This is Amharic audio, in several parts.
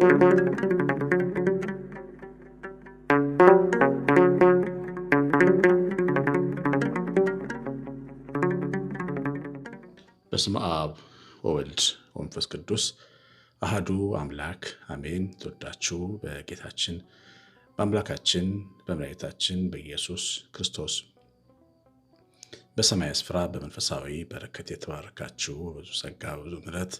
በስመ አብ ወወልድ ወመንፈስ ቅዱስ አህዱ አምላክ አሜን። ተወዳችሁ በጌታችን በአምላካችን በመድኃኒታችን በኢየሱስ ክርስቶስ በሰማይ ስፍራ በመንፈሳዊ በረከት የተባረካችሁ ብዙ ጸጋ ብዙ ምሕረት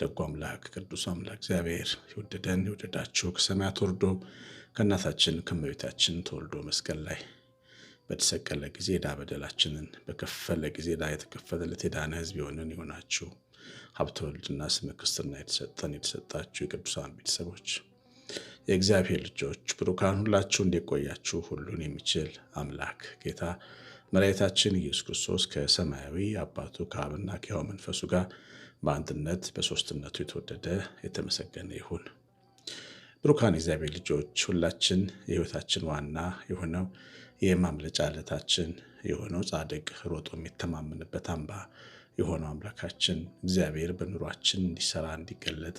ደጉ አምላክ ቅዱስ አምላክ እግዚአብሔር ይወደደን ይወደዳችሁ ከሰማያት ወርዶ ከእናታችን ከመቤታችን ተወልዶ መስቀል ላይ በተሰቀለ ጊዜ ዕዳ በደላችንን በከፈለ ጊዜ ዕዳ የተከፈለለት የዳነ ሕዝብ የሆንን የሆናችሁ ሀብተ ወልድና ስመ ክርስትና የተሰጠን የተሰጣችሁ የቅዱሳን ቤተሰቦች የእግዚአብሔር ልጆች ብሩካን ሁላችሁ እንዲቆያችሁ ሁሉን የሚችል አምላክ ጌታ መድኃኒታችን ኢየሱስ ክርስቶስ ከሰማያዊ አባቱ ከአብና ከሕያው መንፈሱ ጋር በአንድነት በሶስትነቱ የተወደደ የተመሰገነ ይሁን። ብሩካን እግዚአብሔር ልጆች ሁላችን የህይወታችን ዋና የሆነው የማምለጫ ዕለታችን የሆነው ጻድቅ ሮጦ የሚተማመንበት አምባ የሆነው አምላካችን እግዚአብሔር በኑሯችን እንዲሰራ እንዲገለጥ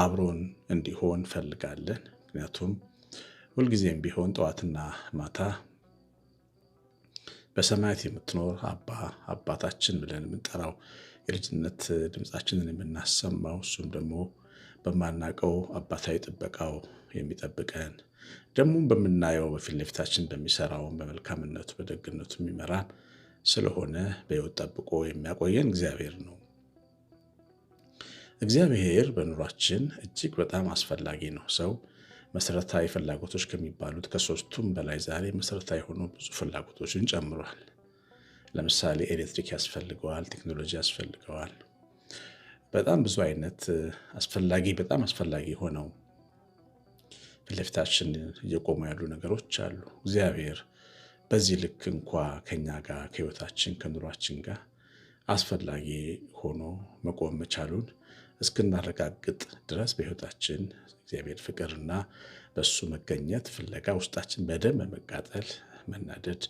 አብሮን እንዲሆን ፈልጋለን። ምክንያቱም ሁልጊዜም ቢሆን ጠዋትና ማታ በሰማያት የምትኖር አባ አባታችን ብለን የምንጠራው የልጅነት ድምፃችንን የምናሰማው እሱም ደግሞ በማናቀው አባታዊ ጥበቃው የሚጠብቀን ደግሞም በምናየው በፊት ለፊታችን በሚሰራውን በመልካምነቱ በደግነቱ የሚመራን ስለሆነ በሕይወት ጠብቆ የሚያቆየን እግዚአብሔር ነው። እግዚአብሔር በኑሯችን እጅግ በጣም አስፈላጊ ነው። ሰው መሰረታዊ ፍላጎቶች ከሚባሉት ከሶስቱም በላይ ዛሬ መሰረታዊ የሆኑ ብዙ ፍላጎቶችን ጨምሯል። ለምሳሌ ኤሌክትሪክ ያስፈልገዋል፣ ቴክኖሎጂ ያስፈልገዋል። በጣም ብዙ አይነት አስፈላጊ በጣም አስፈላጊ ሆነው ፊትለፊታችን እየቆሙ ያሉ ነገሮች አሉ። እግዚአብሔር በዚህ ልክ እንኳ ከኛ ጋር ከህይወታችን ከኑሯችን ጋር አስፈላጊ ሆኖ መቆም መቻሉን እስክናረጋግጥ ድረስ በህይወታችን እግዚአብሔር ፍቅርና በሱ መገኘት ፍለጋ ውስጣችን በደንብ መቃጠል መናደድ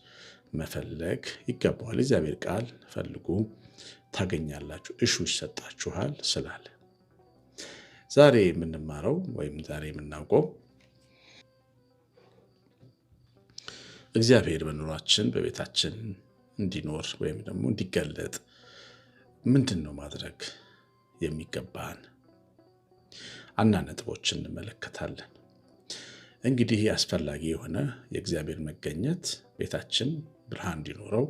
መፈለግ ይገባዋል። እግዚአብሔር ቃል ፈልጉ ታገኛላችሁ፣ እሹ ይሰጣችኋል ስላለ ዛሬ የምንማረው ወይም ዛሬ የምናውቀው እግዚአብሔር በኑሯችን በቤታችን እንዲኖር ወይም ደግሞ እንዲገለጥ ምንድን ነው ማድረግ የሚገባን አና ነጥቦችን እንመለከታለን። እንግዲህ አስፈላጊ የሆነ የእግዚአብሔር መገኘት ቤታችን ብርሃን እንዲኖረው፣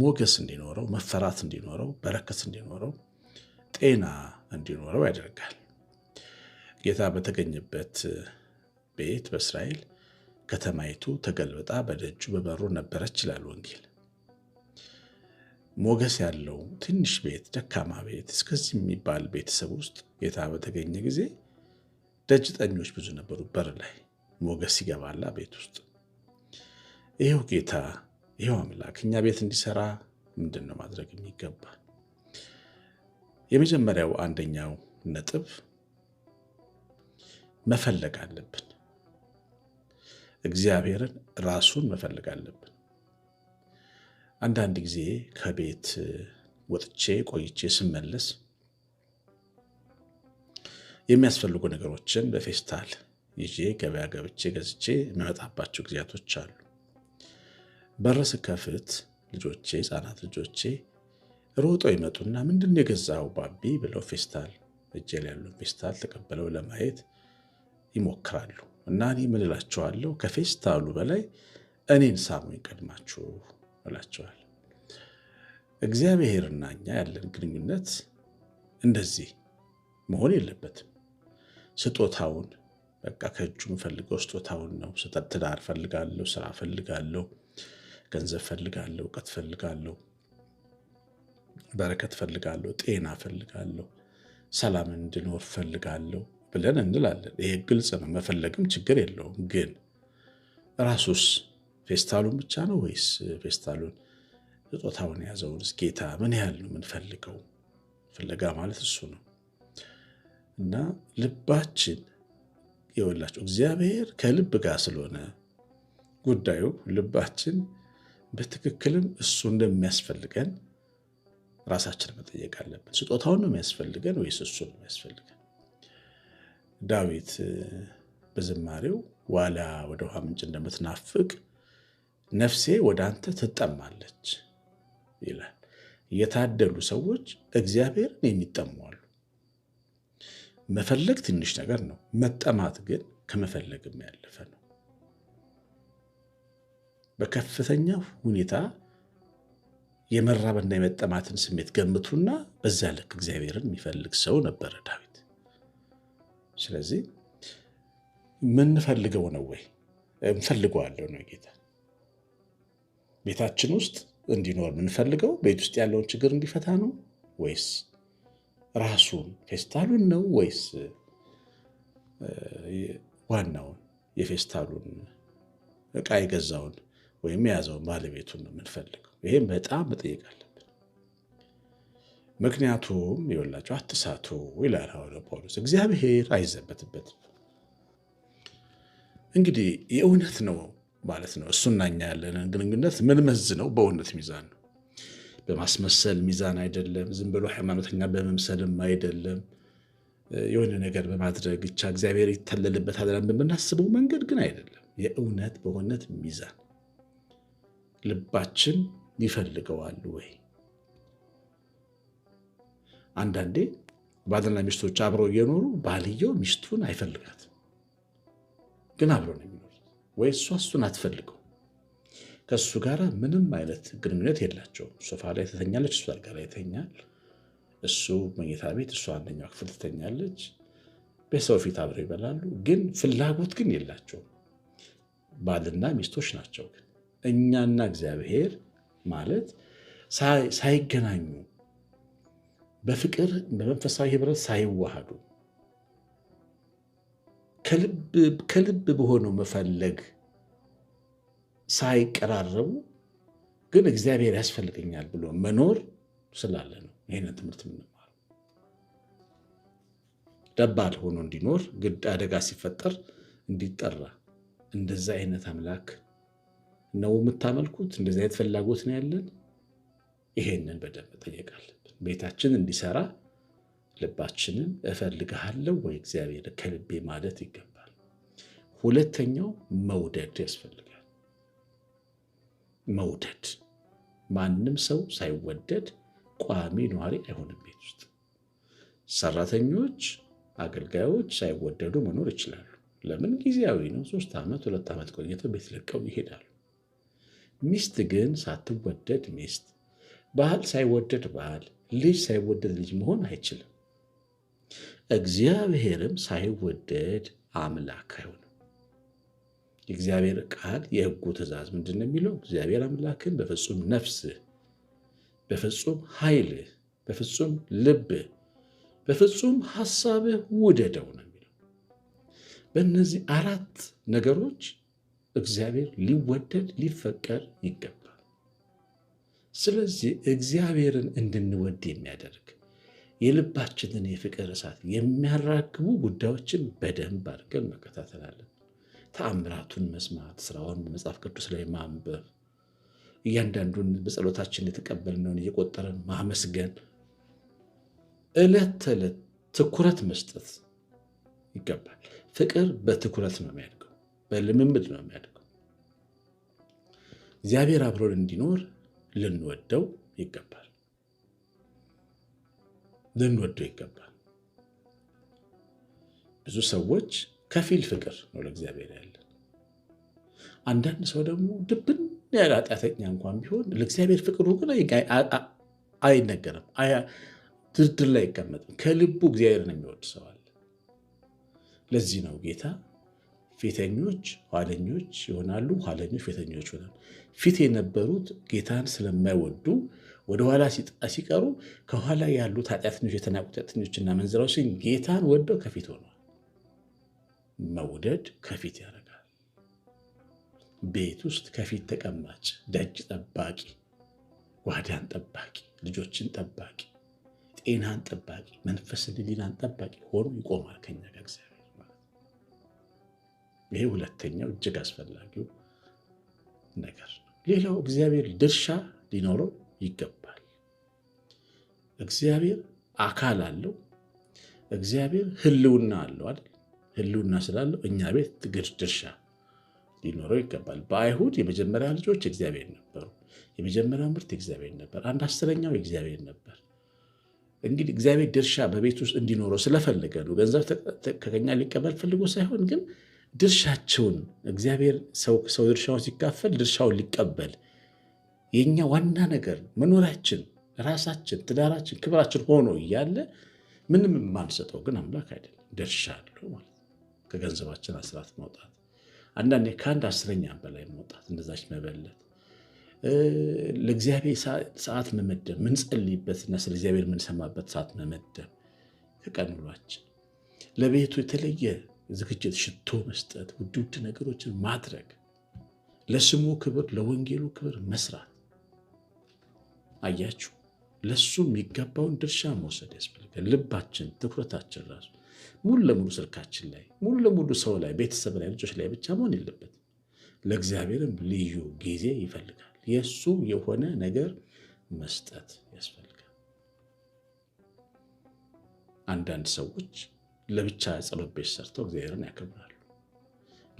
ሞገስ እንዲኖረው፣ መፈራት እንዲኖረው፣ በረከት እንዲኖረው፣ ጤና እንዲኖረው ያደርጋል። ጌታ በተገኘበት ቤት በእስራኤል ከተማይቱ ተገልብጣ በደጁ በበሩ ነበረች ይላል ወንጌል። ሞገስ ያለው ትንሽ ቤት፣ ደካማ ቤት፣ እስከዚህ የሚባል ቤተሰብ ውስጥ ጌታ በተገኘ ጊዜ ደጅ ጠኞች ብዙ ነበሩ በር ላይ ሞገስ ይገባላ ቤት ውስጥ ይኸው ጌታ ይኸው አምላክ እኛ ቤት እንዲሰራ ምንድን ነው ማድረግ የሚገባ? የመጀመሪያው አንደኛው ነጥብ መፈለግ አለብን። እግዚአብሔርን ራሱን መፈለግ አለብን። አንዳንድ ጊዜ ከቤት ወጥቼ ቆይቼ ስመለስ የሚያስፈልጉ ነገሮችን በፌስታል ይዤ ገበያ ገብቼ ገዝቼ የሚመጣባቸው ጊዜያቶች አሉ። በር ስከፍት ልጆቼ ህፃናት ልጆቼ ሮጠው ይመጡና ምንድን የገዛው ባቢ ብለው ፌስታል እጄ ላይ ያለውን ፌስታል ተቀበለው ለማየት ይሞክራሉ። እና እኔ ምን እላቸዋለሁ? ከፌስታሉ በላይ እኔን ሳሙኝ ቀድማችሁ እላቸዋለሁ። እግዚአብሔርና እኛ ያለን ግንኙነት እንደዚህ መሆን የለበትም። ስጦታውን በቃ ከእጁ የምፈልገው ስጦታውን ነው። ትዳር ፈልጋለሁ፣ ስራ ፈልጋለሁ ገንዘብ ፈልጋለሁ፣ እውቀት ፈልጋለሁ፣ በረከት ፈልጋለሁ፣ ጤና ፈልጋለሁ፣ ሰላም እንድኖር ፈልጋለሁ ብለን እንላለን። ይሄ ግልጽ ነው፣ መፈለግም ችግር የለውም። ግን ራሱስ ፌስታሉን ብቻ ነው ወይስ ፌስታሉን ስጦታውን የያዘውን ጌታ ምን ያህል ነው የምንፈልገው? ፍለጋ ማለት እሱ ነው እና ልባችን የወላቸው እግዚአብሔር ከልብ ጋር ስለሆነ ጉዳዩ ልባችን በትክክልም እሱ እንደሚያስፈልገን ራሳችን መጠየቅ አለብን። ስጦታውን ነው የሚያስፈልገን ወይስ እሱ ነው የሚያስፈልገን? ዳዊት በዝማሬው ዋላ ወደ ውሃ ምንጭ እንደምትናፍቅ ነፍሴ ወደ አንተ ትጠማለች ይላል። የታደሉ ሰዎች እግዚአብሔርን የሚጠሟሉ። መፈለግ ትንሽ ነገር ነው፣ መጠማት ግን ከመፈለግም ያለፈ ነው። በከፍተኛ ሁኔታ የመራብና የመጠማትን ስሜት ገምቱና በዛ ልክ እግዚአብሔርን የሚፈልግ ሰው ነበረ ዳዊት። ስለዚህ ምንፈልገው ነው ወይ? እንፈልገዋለሁ ነው ጌታ። ቤታችን ውስጥ እንዲኖር የምንፈልገው ቤት ውስጥ ያለውን ችግር እንዲፈታ ነው ወይስ ራሱን ፌስታሉን ነው ወይስ ዋናውን የፌስታሉን እቃ የገዛውን ወይም የያዘውን ባለቤቱን ነው የምንፈልገው። ይህም በጣም መጠየቅ አለብን። ምክንያቱም የወላቸው አትሳቱ ይላል ሐዋርያው ጳውሎስ። እግዚአብሔር አይዘበትበትም። እንግዲህ የእውነት ነው ማለት ነው። እሱና እኛ ያለንን ግንኙነት ነው? በእውነት ሚዛን ነው። በማስመሰል ሚዛን አይደለም። ዝም ብሎ ሃይማኖተኛ በመምሰልም አይደለም። የሆነ ነገር በማድረግ ብቻ እግዚአብሔር ይታለልበታል ብለን በምናስበው መንገድ ግን አይደለም። የእውነት በእውነት ሚዛን ልባችን ይፈልገዋል ወይ? አንዳንዴ ባልና ሚስቶች አብረው እየኖሩ ባልየው ሚስቱን አይፈልጋትም፣ ግን አብረው ነው የሚኖሩት። ወይ እሷ እሱን አትፈልገው፣ ከእሱ ጋር ምንም አይነት ግንኙነት የላቸውም። ሶፋ ላይ ትተኛለች፣ እሱ አልጋ ላይ ይተኛል። እሱ መኝታ ቤት፣ እሷ አንደኛው ክፍል ትተኛለች። በሰው ፊት አብረው ይበላሉ፣ ግን ፍላጎት ግን የላቸውም። ባልና ሚስቶች ናቸው ግን እኛና እግዚአብሔር ማለት ሳይገናኙ በፍቅር በመንፈሳዊ ህብረት ሳይዋሃዱ ከልብ በሆነው መፈለግ ሳይቀራረቡ ግን እግዚአብሔር ያስፈልገኛል ብሎ መኖር ስላለ ነው ይህንን ትምህርት የምንማረው። ደባል ሆኖ እንዲኖር ግድ አደጋ ሲፈጠር እንዲጠራ እንደዛ አይነት አምላክ ነው የምታመልኩት? እንደዚህ አይነት ፍላጎት ነው ያለን? ይሄንን በደንብ ጠየቃል። ቤታችን እንዲሰራ ልባችንን እፈልግሃለሁ ወይ እግዚአብሔር ከልቤ ማለት ይገባል። ሁለተኛው መውደድ ያስፈልጋል። መውደድ ማንም ሰው ሳይወደድ ቋሚ ነዋሪ አይሆንም። ቤት ውስጥ ሰራተኞች፣ አገልጋዮች ሳይወደዱ መኖር ይችላሉ። ለምን? ጊዜያዊ ነው። ሶስት ዓመት ሁለት ዓመት ቆይተው ቤት ለቀው ይሄዳሉ። ሚስት ግን ሳትወደድ ሚስት፣ ባህል ሳይወደድ ባህል፣ ልጅ ሳይወደድ ልጅ መሆን አይችልም። እግዚአብሔርም ሳይወደድ አምላክ አይሆንም። የእግዚአብሔር ቃል የህጉ ትእዛዝ ምንድን ነው የሚለው? እግዚአብሔር አምላክን በፍጹም ነፍስህ፣ በፍጹም ኃይልህ፣ በፍጹም ልብህ፣ በፍጹም ሀሳብህ ውደደው ነው የሚለው። በእነዚህ አራት ነገሮች እግዚአብሔር ሊወደድ ሊፈቀድ ይገባል። ስለዚህ እግዚአብሔርን እንድንወድ የሚያደርግ የልባችንን የፍቅር እሳት የሚያራግቡ ጉዳዮችን በደንብ አድርገን መከታተላለን። ተአምራቱን መስማት፣ ስራውን መጽሐፍ ቅዱስ ላይ ማንበብ፣ እያንዳንዱን በጸሎታችን የተቀበልነውን እየቆጠረን ማመስገን፣ ዕለት ተዕለት ትኩረት መስጠት ይገባል። ፍቅር በትኩረት ነው የሚያድገው፣ በልምምድ ነው የሚያድገው። እግዚአብሔር አብሮን እንዲኖር ልንወደው ይገባል። ልንወደው ይገባል። ብዙ ሰዎች ከፊል ፍቅር ነው ለእግዚአብሔር ያለን። አንዳንድ ሰው ደግሞ ድብን ያለ ኃጢአተኛ እንኳን ቢሆን ለእግዚአብሔር ፍቅሩ ግን አይነገርም፣ ድርድር ላይ አይቀመጥም። ከልቡ እግዚአብሔርን የሚወድ ሰዋል። ለዚህ ነው ጌታ ፊተኞች ኋለኞች ይሆናሉ፣ ኋለኞች ፊተኞች ይሆናሉ። ፊት የነበሩት ጌታን ስለማይወዱ ወደ ኋላ ሲቀሩ ከኋላ ያሉት ኃጢአተኞች፣ የተናቁ ኃጢአተኞችና መንዘራዎችን ጌታን ወደው ከፊት ሆኗል። መውደድ ከፊት ያደርጋል። ቤት ውስጥ ከፊት ተቀማጭ፣ ደጅ ጠባቂ፣ ጓዳን ጠባቂ፣ ልጆችን ጠባቂ፣ ጤናን ጠባቂ፣ መንፈስን፣ ሕሊናን ጠባቂ ሆኖ ይቆማል ከኛ ጋር እግዚአብሔር ይሄ ሁለተኛው እጅግ አስፈላጊው ነገር ነው። ሌላው እግዚአብሔር ድርሻ ሊኖረው ይገባል። እግዚአብሔር አካል አለው። እግዚአብሔር ህልውና አለው አይደል? ስላለው እኛ ቤት ድርሻ ሊኖረው ይገባል። በአይሁድ የመጀመሪያ ልጆች እግዚአብሔር ነበሩ። የመጀመሪያ ምርት እግዚአብሔር ነበር። አንድ አስረኛው እግዚአብሔር ነበር። እንግዲህ እግዚአብሔር ድርሻ በቤት ውስጥ እንዲኖረው ስለፈለገ ነው። ገንዘብ ከኛ ሊቀበል ፈልጎ ሳይሆን ግን ድርሻቸውን እግዚአብሔር ሰው ድርሻውን ሲካፈል ድርሻውን ሊቀበል የእኛ ዋና ነገር መኖራችን፣ ራሳችን፣ ትዳራችን፣ ክብራችን ሆኖ እያለ ምንም የማንሰጠው ግን አምላክ አይደለም። ድርሻ አለው ማለት ከገንዘባችን አስራት መውጣት፣ አንዳንዴ ከአንድ አስረኛ በላይ መውጣት፣ እንደዛች መበለት ለእግዚአብሔር ሰዓት መመደብ ምንጸልይበትና ስለ እግዚአብሔር የምንሰማበት ሰዓት መመደብ ከቀን ውሏችን ለቤቱ የተለየ ዝግጅት ሽቶ መስጠት፣ ውድ ውድ ነገሮችን ማድረግ፣ ለስሙ ክብር፣ ለወንጌሉ ክብር መስራት። አያችሁ፣ ለሱ የሚገባውን ድርሻ መውሰድ ያስፈልጋል። ልባችን፣ ትኩረታችን ራሱ ሙሉ ለሙሉ ስልካችን ላይ፣ ሙሉ ለሙሉ ሰው ላይ፣ ቤተሰብ ላይ፣ ልጆች ላይ ብቻ መሆን የለበት። ለእግዚአብሔርም ልዩ ጊዜ ይፈልጋል። የእሱ የሆነ ነገር መስጠት ያስፈልጋል። አንዳንድ ሰዎች ለብቻ ጸሎት ቤት ሰርተው እግዚአብሔርን ያከብራሉ።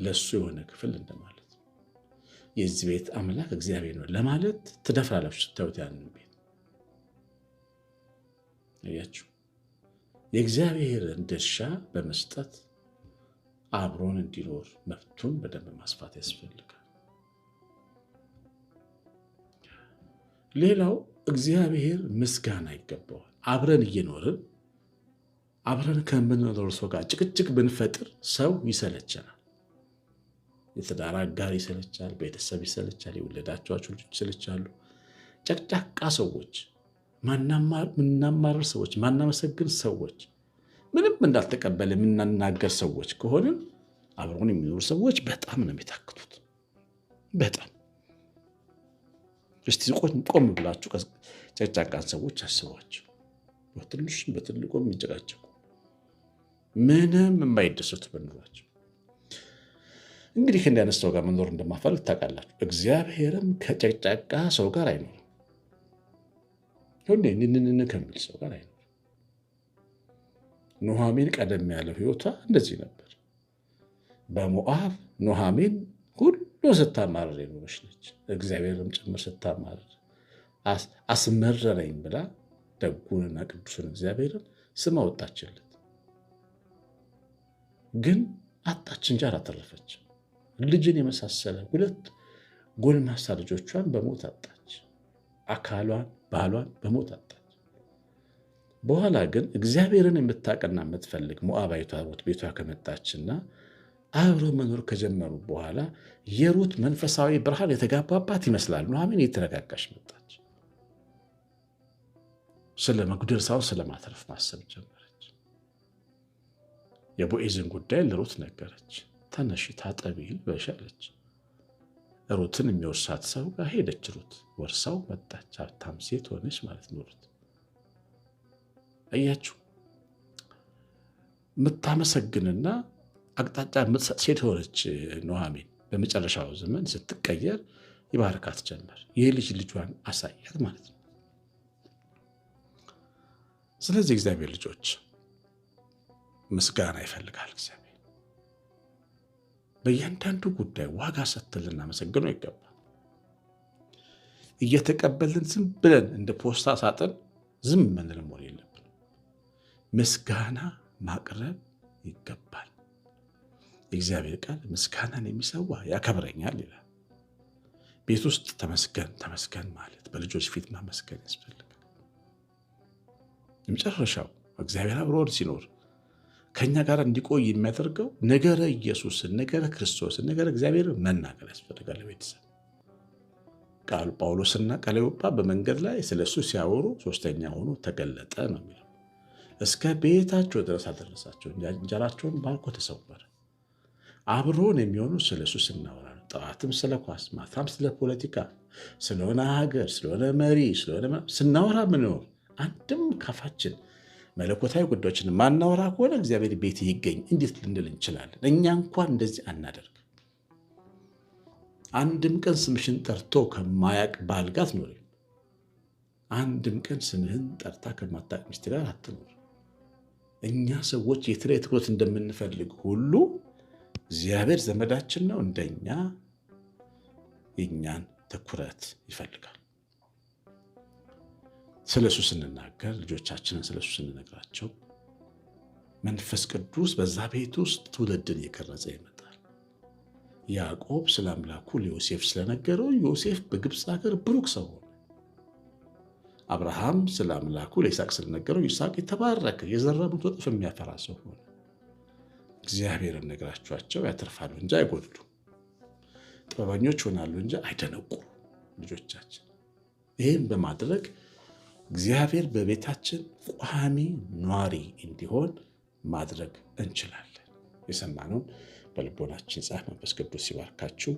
ለእሱ የሆነ ክፍል እንደማለት ነው። የዚህ ቤት አምላክ እግዚአብሔር ነው ለማለት ትደፍራላችሁ ስታዩት ያንን ቤት እያችሁ የእግዚአብሔርን ድርሻ በመስጠት አብሮን እንዲኖር መብቱን በደንብ ማስፋት ያስፈልጋል። ሌላው እግዚአብሔር ምስጋና ይገባዋል። አብረን እየኖርን አብረን ከምንኖር ሰው ጋር ጭቅጭቅ ብንፈጥር ሰው ይሰለቸናል። የትዳር አጋር ይሰለቻል፣ ቤተሰብ ይሰለቻል፣ የወለዳችኋቸው ልጆች ይሰለቻሉ። ጨቅጫቃ ሰዎች፣ ምናማረር ሰዎች፣ ማናመሰግን ሰዎች፣ ምንም እንዳልተቀበለ የምናናገር ሰዎች ከሆንን አብረን የሚኖሩ ሰዎች በጣም ነው የሚታክቱት። በጣም እስቲ ቆም ብላችሁ ጨቅጫቃን ሰዎች አስቧቸው። በትንሹም በትልቁም የሚጨቃጨቁ ምንም የማይደሰቱ በኑሯቸው። እንግዲህ እንዲህ አይነት ሰው ጋር መኖር እንደማፈል ታውቃላችሁ። እግዚአብሔርም ከጨቅጫቃ ሰው ጋር አይኖርም። ከሚል ሰው ጋር አይኖርም። ኑሃሚን ቀደም ያለው ህይወቷ እንደዚህ ነበር። በሞአብ ኑሃሚን ሁሉ ስታማርር የኖረች ነች። እግዚአብሔርም ጭምር ስታማርር አስመረረኝ ብላ ደጉንና ቅዱስን እግዚአብሔርን ስም አወጣችልን። ግን አጣች እንጂ አላተረፈች። ልጅን የመሳሰለ ሁለት ጎልማሳ ልጆቿን በሞት አጣች። አካሏን፣ ባሏን በሞት አጣች። በኋላ ግን እግዚአብሔርን የምታቀና የምትፈልግ ሞዓባዊቷ ሩት ቤቷ ከመጣችና አብሮ መኖር ከጀመሩ በኋላ የሩት መንፈሳዊ ብርሃን የተጋባባት ይመስላል። ኑኃሚን የተረጋጋች መጣች። ስለ መጉደል ሳይሆን ስለ ማሰብ ጀመር። የቦኤዝን ጉዳይ ለሩት ነገረች። ተነሺ ታጠቢ ልበሽ አለች። ሩትን የሚወርሳት ሰው ጋር ሄደች። ሩት ወርሳው መጣች። ሀብታም ሴት ሆነች ማለት ነው። ሩት እያችሁ የምታመሰግንና አቅጣጫ የምትሰጥ ሴት ሆነች። ኑኃሚን በመጨረሻው ዘመን ስትቀየር ይባርካት ጀመር። ይህ ልጅ ልጇን አሳያት ማለት ነው። ስለዚህ እግዚአብሔር ልጆች ምስጋና ይፈልጋል። እግዚአብሔር በእያንዳንዱ ጉዳይ ዋጋ ሰጥተን ልናመሰግነው ይገባል። እየተቀበልን ዝም ብለን እንደ ፖስታ ሳጥን ዝም መንል መሆን የለብን። ምስጋና ማቅረብ ይገባል። የእግዚአብሔር ቃል ምስጋናን የሚሰዋ ያከብረኛል ይላል። ቤት ውስጥ ተመስገን ተመስገን ማለት በልጆች ፊት ማመስገን ያስፈልጋል። የመጨረሻው እግዚአብሔር አብሮን ሲኖር ከእኛ ጋር እንዲቆይ የሚያደርገው ነገረ ኢየሱስን፣ ነገረ ክርስቶስን፣ ነገረ እግዚአብሔር መናገር ያስፈልጋል። ቤተሰብ ቃል ጳውሎስና ቀለዮጳ በመንገድ ላይ ስለ እሱ ሲያወሩ ሶስተኛ ሆኖ ተገለጠ ነው የሚለው። እስከ ቤታቸው ድረስ አደረሳቸው፣ እንጀራቸውን ባርኮ ተሰወረ። አብሮን የሚሆኑ ስለ እሱ ስናወራ ጠዋትም ስለ ኳስ፣ ማታም ስለ ፖለቲካ፣ ስለሆነ ሀገር፣ ስለሆነ መሪ፣ ስለሆነ ስናወራ ምን አንድም ካፋችን መለኮታዊ ጉዳዮችን ማናወራ ከሆነ እግዚአብሔር ቤት ይገኝ እንዴት ልንል እንችላለን? እኛ እንኳን እንደዚህ አናደርግ። አንድም ቀን ስምሽን ጠርቶ ከማያቅ ባል ጋር አትኖሪ። አንድም ቀን ስምህን ጠርታ ከማታቅ ሚስት ጋር አትኖር። እኛ ሰዎች የትላይ ትኩረት እንደምንፈልግ ሁሉ እግዚአብሔር ዘመዳችን ነው፣ እንደኛ የእኛን ትኩረት ይፈልጋል። ስለሱ ስንናገር ልጆቻችንን ስለሱ ስንነግራቸው መንፈስ ቅዱስ በዛ ቤት ውስጥ ትውልድን እየቀረጸ ይመጣል። ያዕቆብ ስለ አምላኩ ለዮሴፍ ስለነገረው ዮሴፍ በግብፅ ሀገር ብሩክ ሰው ሆነ። አብርሃም ስለ አምላኩ ለይስሐቅ ስለነገረው ይስሐቅ የተባረከ የዘራ ወጥፍ የሚያፈራ ሰው ሆነ። እግዚአብሔርን ነግራችኋቸው ያተርፋሉ እንጂ አይጎድሉ፣ ጥበበኞች ይሆናሉ እንጂ አይደነቁ ልጆቻችን። ይህም በማድረግ እግዚአብሔር በቤታችን ቋሚ ኗሪ እንዲሆን ማድረግ እንችላለን። የሰማነውን በልቦናችን ጻፍ። መንፈስ ቅዱስ ሲባርካችሁ።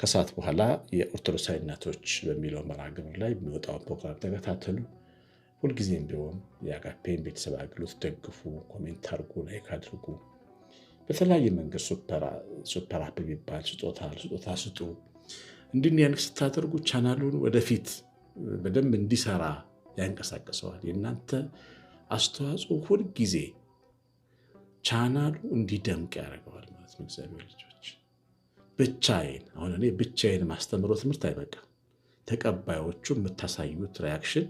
ከሰዓት በኋላ የኦርቶዶክሳዊ እናቶች በሚለው መርሃ ግብር ላይ የሚወጣውን ፕሮግራም ተከታተሉ። ሁልጊዜም ቢሆን የአጋፔን ቤተሰብ አገልግሎት ደግፉ። ኮሜንት አድርጉ፣ ላይክ አድርጉ። በተለያየ መንገድ ሱፐር አፕ የሚባል ስጦታ ስጦታ ስጡ። እንዲህ ያንክ ስታደርጉ ቻናሉን ወደፊት በደንብ እንዲሰራ ያንቀሳቀሰዋል። የእናንተ አስተዋጽኦ ሁልጊዜ ቻናሉ እንዲደምቅ ያደርገዋል ማለት ነው። እግዚአብሔር ልጆች ብቻዬን አሁን እኔ ብቻዬን ማስተምሮ ትምህርት አይበቃም። ተቀባዮቹ የምታሳዩት ሪያክሽን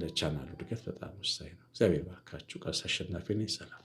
ለቻናሉ እድገት በጣም ወሳኝ ነው። እግዚአብሔር ባካችሁ። ቀሲስ አሸናፊ ነኝ። ሰላም